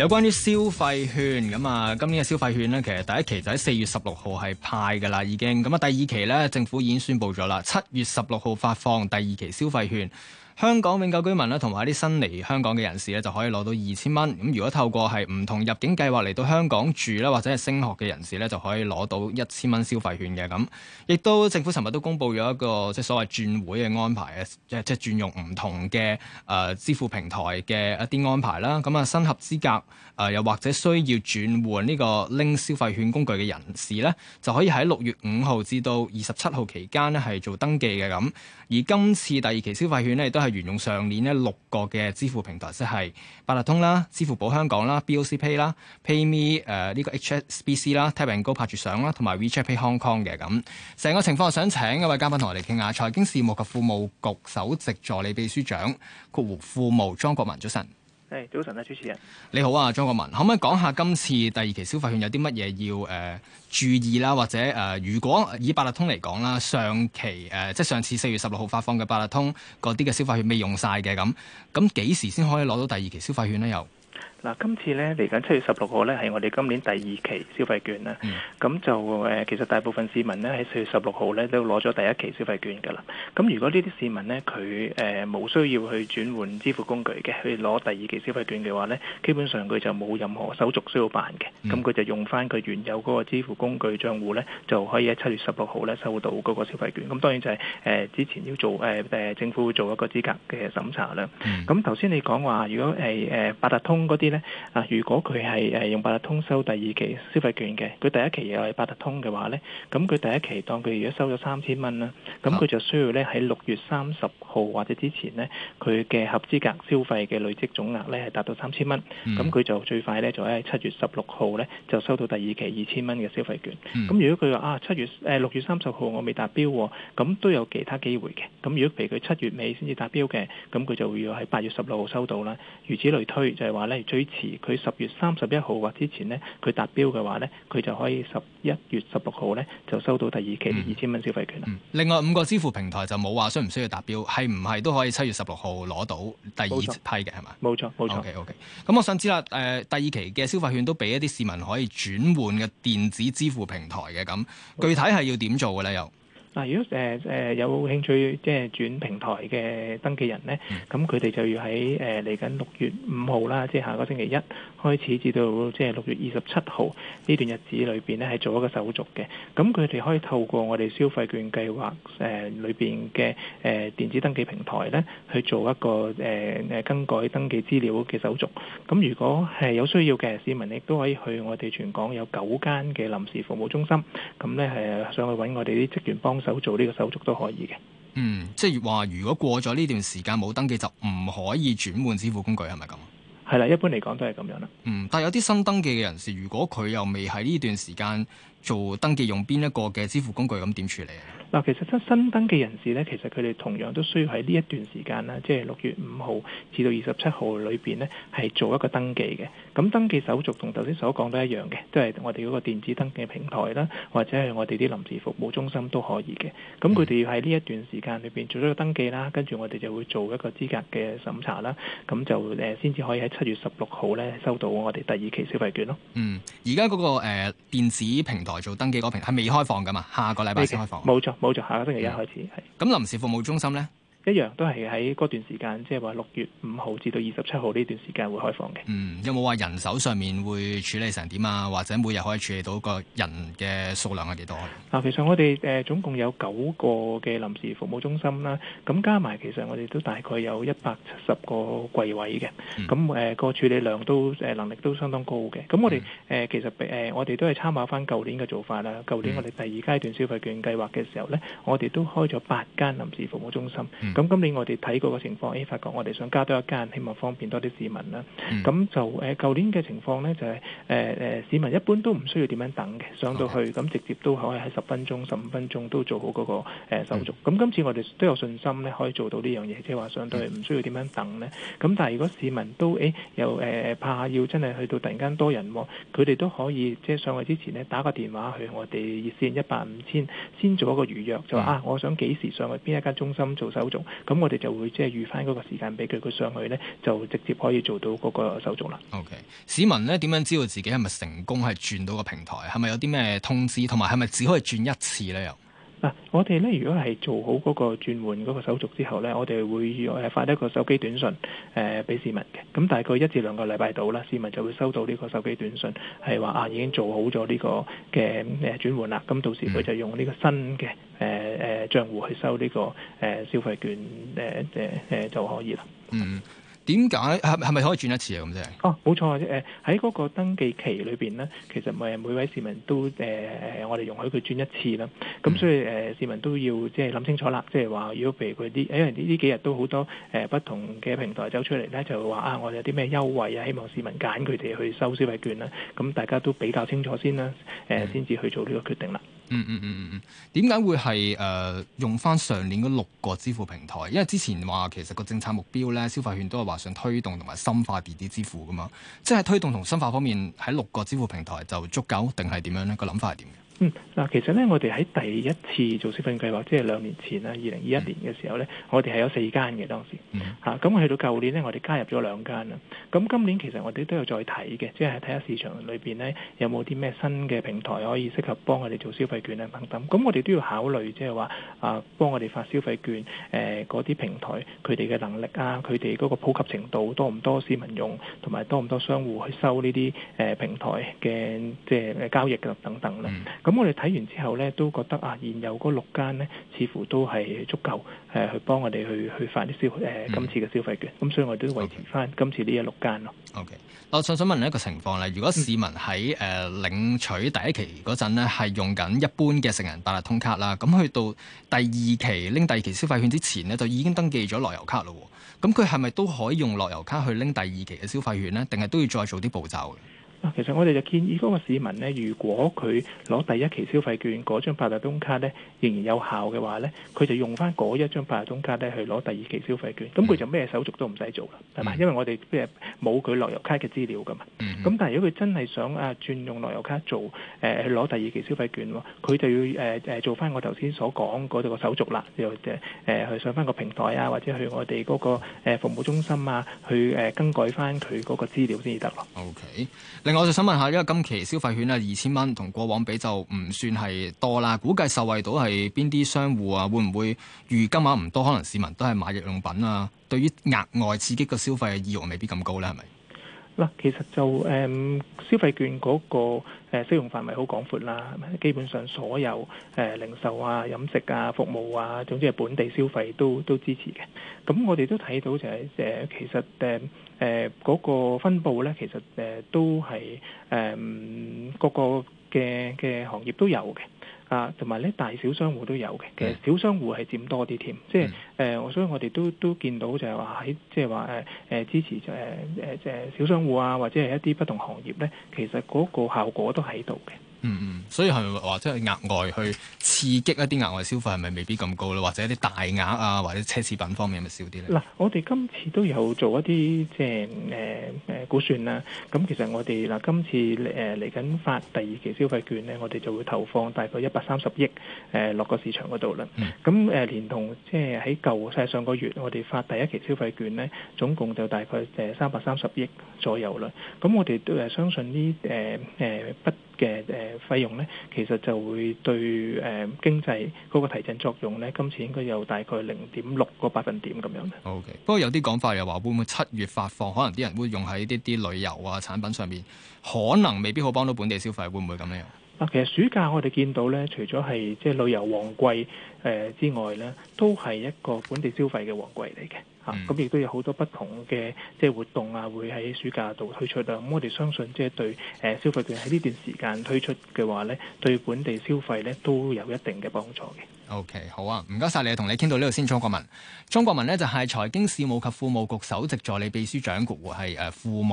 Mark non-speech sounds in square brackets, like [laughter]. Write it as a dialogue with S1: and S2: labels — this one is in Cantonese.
S1: 有關於消費券咁啊，今年嘅消費券咧，其實第一期就喺四月十六號係派嘅啦，已經咁啊，第二期咧政府已經宣布咗啦，七月十六號發放第二期消費券。香港永久居民啦，同埋一啲新嚟香港嘅人士咧，就可以攞到二千蚊。咁如果透過係唔同入境計劃嚟到香港住啦，或者係升學嘅人士咧，就可以攞到一千蚊消費券嘅。咁亦都政府尋日都公布咗一個即係所謂轉會嘅安排啊，即係即係轉用唔同嘅誒、呃、支付平台嘅一啲安排啦。咁啊，新合資格誒又、呃、或者需要轉換呢個拎消費券工具嘅人士咧，就可以喺六月五號至到二十七號期間咧係做登記嘅。咁而今次第二期消費券咧，亦都係。沿用上年呢六個嘅支付平台，即係八達通啦、支付寶香港啦、B O C p 啦 Pay、呃、PayMe 誒呢個 H S B C 啦、t a n g 高拍住相啦，同埋 WeChat Pay Hong Kong 嘅咁。成個情況，想請一位嘉賓同我哋傾下財經事務及服務局首席助理秘書長顧副務張國文早晨。係早晨啊，主持人。你好啊，莊國民，可唔可以講下今次第二期消費券有啲乜嘢要誒、呃、注意啦？或者誒、呃，如果以八達通嚟講啦，上期誒、呃、即係上次四月十六號發放嘅八達通嗰啲嘅消費券未用晒嘅，咁咁幾時先可以攞到第二期消費券咧？又？
S2: 嗱，今次咧嚟緊七月十六號咧，係我哋今年第二期消費券啦。咁就誒，其實大部分市民咧喺四月十六號咧都攞咗第一期消費券㗎啦。咁如果呢啲市民咧佢誒冇需要去轉換支付工具嘅，去攞第二期消費券嘅話咧，基本上佢就冇任何手續需要辦嘅。咁佢就用翻佢原有嗰個支付工具賬戶咧，就可以喺七月十六號咧收到嗰個消費券。咁當然就係誒之前要做誒誒政府做一個資格嘅審查啦。咁頭先你講話，如果誒誒八達通嗰啲。咧啊，如果佢係誒用八達通收第二期消費券嘅，佢第一期又係八達通嘅話咧，咁佢第一期當佢如果收咗三千蚊啦，咁佢就需要咧喺六月三十號或者之前咧，佢嘅合資格消費嘅累積總額咧係達到三千蚊，咁佢就最快咧就喺七月十六號咧就收到第二期二千蚊嘅消費券。咁如果佢話啊七月誒六月三十號我未達標，咁都有其他機會嘅。咁如果譬如佢七月尾先至達標嘅，咁佢就要喺八月十六號收到啦。如此類推，就係話咧最。.支持佢十月三十一號或之前咧，佢達標嘅話咧，佢就可以十一月十六號咧就收到第二期二千蚊消費券啦。
S1: 另外五個支付平台就冇話需唔需要達標，係唔係都可以七月十六號攞到第二批嘅係咪？冇錯冇錯。O K O K，咁我想知啦，誒、呃，第二期嘅消費券都俾一啲市民可以轉換嘅電子支付平台嘅，咁具體係要點做嘅咧又？錯
S2: 嗱，如果誒誒有興趣即係轉平台嘅登記人咧，咁佢哋就要喺誒嚟緊六月五號啦，即係下個星期一開始至到即係六月二十七號呢段日子裏邊咧，係做一個手續嘅。咁佢哋可以透過我哋消費券計劃誒裏邊嘅誒電子登記平台咧，去做一個誒誒更改登記資料嘅手續。咁如果係有需要嘅市民，亦都可以去我哋全港有九間嘅臨時服務中心，咁咧係上去揾我哋啲職員幫手做呢個手續都可以嘅，
S1: 嗯，即係話，如果過咗呢段時間冇登記，就唔可以轉換支付工具係咪咁？係啦，一般嚟講都係咁樣啦。嗯，但係有啲新登記嘅人士，如果佢又未喺呢段時間做登記，用邊一個嘅支付工具，咁點處理啊？嗱，其實新新登記人士咧，其實佢哋同樣都需要喺
S2: 呢一段時間啦，即係六月五號至到二十七號裏邊咧，係做一個登記嘅。咁登記手續同頭先所講都一樣嘅，都係我哋嗰個電子登記平台啦，或者係我哋啲臨時服務中心都可以嘅。咁佢哋要喺呢一段時間裏邊做咗個登記啦，跟住我哋就會做一個資格嘅審查啦，咁就誒先至可以喺七月十六號咧
S1: 收到我哋第二期消費券咯。嗯，而家嗰個誒電子平台做登記嗰個平台係未開放㗎嘛？下個禮拜先開放。冇錯。冇錯，下個星期一開始係。咁、嗯、是臨時服務中心咧？一
S2: 樣都係喺嗰段時間，即係話六月五號至到二十七號呢段時間會開放嘅。
S1: 嗯，有冇話人手上面會處理成點啊？或者每日可以處理到個人嘅數量係幾多啊？
S2: 嗱，其實我哋誒總共有九個嘅臨時服務中心啦，咁加埋其實我哋都大概有一百七十個櫃位嘅。咁誒個處理量都誒能力都相當高嘅。咁我哋誒其實誒我哋都係參考返舊年嘅做法啦。舊年我哋第二階段消費券計劃嘅時候咧，我哋都開咗八間臨時服務中心。咁今年我哋睇過個情況，誒、哎，發覺我哋想加多一間，希望方便多啲市民啦。咁、嗯、就誒，舊年嘅情況呢，就係誒誒，市民一般都唔需要點樣等嘅，上到去咁、哦、直接都可以喺十分鐘、十五分鐘都做好嗰、那個、呃、手續。咁、嗯、今次我哋都有信心呢，可以做到呢樣嘢，即係話上到去唔需要點樣等呢。咁但係如果市民都誒、呃、又誒、呃、怕要真係去到突然間多人，佢哋都可以即係、就是、上位之前呢，打個電話去我哋熱線一八五千，150, 000, 先做一個預約，就、嗯、啊，我想幾時上去邊一間中心做手續。咁我哋就會即係預返嗰個時間俾佢，佢上去呢就直接可以做到嗰個手續啦。
S1: OK. 市民呢，點樣知道自己係咪成功係轉到個平台？係咪有啲咩通知？同埋係咪只可以轉一次呢？又？嗱、啊，
S2: 我哋咧如果係做好嗰個轉換嗰個手續之後咧，我哋會誒發一個手機短信誒俾市民嘅，咁大概一至兩個禮拜到啦，市民就會收到呢個手機短信，係話啊已經做好咗呢個嘅誒轉換啦，咁到時佢就用呢個新嘅誒誒賬戶去收呢、呢個誒、呃、消費券誒誒誒就可以啦。嗯。
S1: 點解係係咪可以轉一次啊？咁啫？哦，冇
S2: 錯，誒喺嗰個登記期裏邊咧，其實咪每位市民都誒、呃，我哋容許佢轉一次啦。咁所以誒、呃，市民都要即係諗清楚啦。即係話，如果譬如佢啲，因為呢幾日都好多誒、呃、不同嘅平台走出嚟咧，就會話啊，我哋有啲咩優惠啊，希望市民揀佢哋去收消費券啦。咁大家都比較清楚先啦，誒、嗯，先至、呃、去做呢個決定啦。
S1: 嗯嗯嗯嗯嗯，點、嗯、解、嗯嗯、會係誒、呃、用返上年嗰六個支付平台？因為之前話其實個政策目標咧，消費券都係話想推動同埋深化電子支付噶嘛，即係推動同深化方面喺六個支付平台就足夠定係點樣咧？個諗法係點？嗱、嗯，其實咧，我哋喺第一次做消費券計劃，即係兩年前啦，二零二一年嘅時候咧，我哋係有四
S2: 間嘅當時。嗯。咁、啊、去到舊年咧，我哋加入咗兩間啦。咁今年其實我哋都有再睇嘅，即係睇下市場裏邊咧有冇啲咩新嘅平台可以適合幫我哋做消費券咧等等。咁我哋都要考慮即係話啊，幫我哋發消費券誒嗰啲平台佢哋嘅能力啊，佢哋嗰個普及程度多唔多市民用，同埋多唔多商戶去收呢啲誒平台嘅即係交易嘅等等啦。嗯咁我哋睇完之後咧，都覺得啊，現有嗰六間咧，似乎都係足夠，誒、呃，去幫我哋去去發啲消誒今次嘅消費券。咁、嗯嗯、所以我哋都要維持翻今次呢一六間咯。
S1: OK，我想想問一個情況咧，如果市民喺誒、呃、領取第一期嗰陣咧，係用緊一般嘅成人八達通卡啦，咁去到第二期拎第二期消費券之前咧，就已經登記咗樂悠卡咯。咁佢係咪都可以用樂悠卡去拎第二期嘅消費券咧？定係都要再做啲步驟嘅？其實我哋就建議嗰個市民咧，如果佢攞第一期消費券
S2: 嗰張八達通卡咧，仍然有效嘅話咧，佢就用翻嗰一張八達通卡咧去攞第二期消費券，咁佢就咩手續都唔使做啦，係嘛、嗯？因為我哋即係冇佢樂悠卡嘅資料㗎嘛。咁、嗯、但係如果佢真係想啊轉用樂悠卡做去攞、呃、第二期消費券喎，佢就要誒誒、呃、做翻我頭先所講嗰度嘅手續啦，又即係去上翻個平台啊，或者去我哋嗰個服務中心啊，去誒更改翻佢嗰個資料先至得咯。
S1: OK。另外我就想問下，因為今期消費券啊，二千蚊同過往比就唔算係多啦，估計受惠到係邊啲商戶啊？會唔會餘金額、啊、唔多，可能市民都係買日用品啊？對於額外刺激嘅消費意欲未必咁高呢，係咪？嗱，其實
S2: 就誒消費券嗰個誒適用範圍好廣闊啦，基本上所有誒零售啊、飲食啊、服務啊，總之係本地消費都都支持嘅。咁我哋都睇到就係誒，其實誒誒嗰個分佈呢，其實誒都係誒各個嘅嘅行業都有嘅。啊，同埋咧，大小商戶都有嘅，其實 [noise] 小商戶係佔多啲添，即係誒，所以我哋都都見到就係話喺即係話誒誒支持就誒誒即係小商戶啊，或者係一啲不同行業咧，其實嗰個效果都喺度嘅。
S1: 嗯嗯，所以係咪話即係額外去刺激一啲額外消費係咪未必咁高咧？或者啲大額啊，或者奢侈品方面係咪少啲咧？
S2: 嗱，我哋今次都有做一啲即係誒誒估算啦。咁其實我哋嗱、呃、今次誒嚟緊發第二期消費券咧，我哋就會投放大概一百三十億誒落個市場嗰度啦。咁誒、嗯呃、連同即係喺舊世上個月我哋發第一期消費券咧，總共就大概誒三百三十億左右啦。咁我哋都係相信呢誒誒不。呃呃呃呃呃呃嘅誒費用咧，其實就會對誒、呃、經濟嗰個提振作用咧，今次應該有大概零點六個百分點咁樣。
S1: 好嘅，不過有啲講法又話會唔會七月發放，可能啲人會用喺呢啲旅遊啊產品上面，可能未必好幫到本地消費，會唔會咁樣？
S2: 其實暑假我哋見到咧，除咗係即係旅遊旺季誒之外咧，都係一個本地消費嘅旺季嚟嘅嚇。咁、啊、亦、嗯、都有好多不同嘅即係活動啊，會喺暑假度推出啊。咁、嗯、我哋相信即係對誒消費者喺呢段時間推出嘅話咧，對本地消費咧都有一定嘅幫助嘅。
S1: OK，好啊，唔該晒你，同你傾到呢度先，莊國民，莊國民呢，就係財經事務及庫務局首席助理秘書長局喎，係誒庫務。